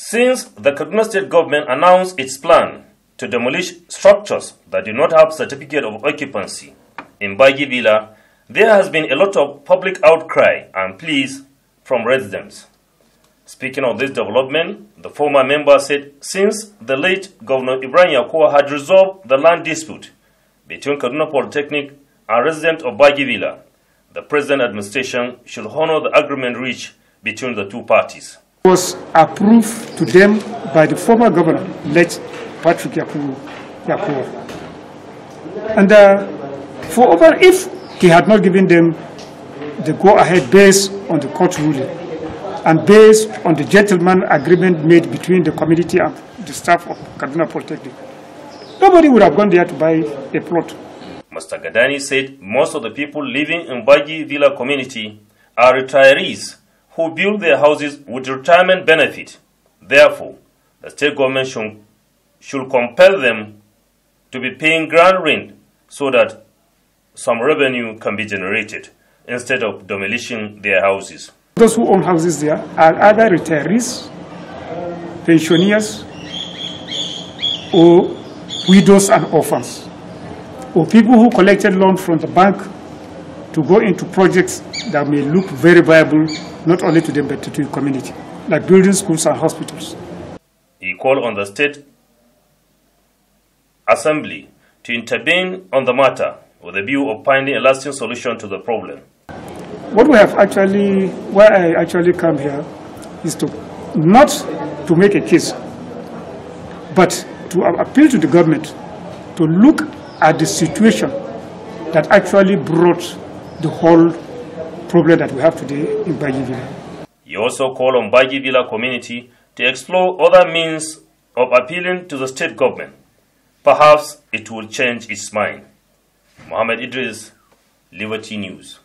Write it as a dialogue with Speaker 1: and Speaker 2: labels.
Speaker 1: Since the Kaduna State government announced its plan to demolish structures that do not have certificate of occupancy in Bagi Villa, there has been a lot of public outcry and pleas from residents. Speaking of this development, the former member said since the late Governor Ibrahim Yakuwa had resolved the land dispute between Kaduna Polytechnic and residents of Bagi Villa, the present administration should honor the agreement reached between the two parties
Speaker 2: was approved to them by the former governor, late Patrick Yakuwa. And uh, for over, if he had not given them the go-ahead based on the court ruling and based on the gentleman agreement made between the community and the staff of Kaduna Polytechnic, nobody would have gone there to buy a plot.
Speaker 1: Mr. Gadani said most of the people living in Bagi Villa community are retirees who build their houses with retirement benefit. Therefore, the state government should, should compel them to be paying ground rent so that some revenue can be generated instead of demolishing their houses.
Speaker 2: Those who own houses there are either retirees, pensioners, or widows and orphans, or people who collected loan from the bank to go into projects that may look very viable, not only to them, but to the community, like building schools and hospitals.
Speaker 1: He called on the State Assembly to intervene on the matter with a view of finding a lasting solution to the
Speaker 2: problem. What we have actually, why I actually come here, is to not to make a case, but to appeal to the government to look at the situation that actually brought the whole problem that we have today in Villa.
Speaker 1: He also called on Villa community to explore other means of appealing to the state government. Perhaps it will change its mind. Mohammed Idris, Liberty News.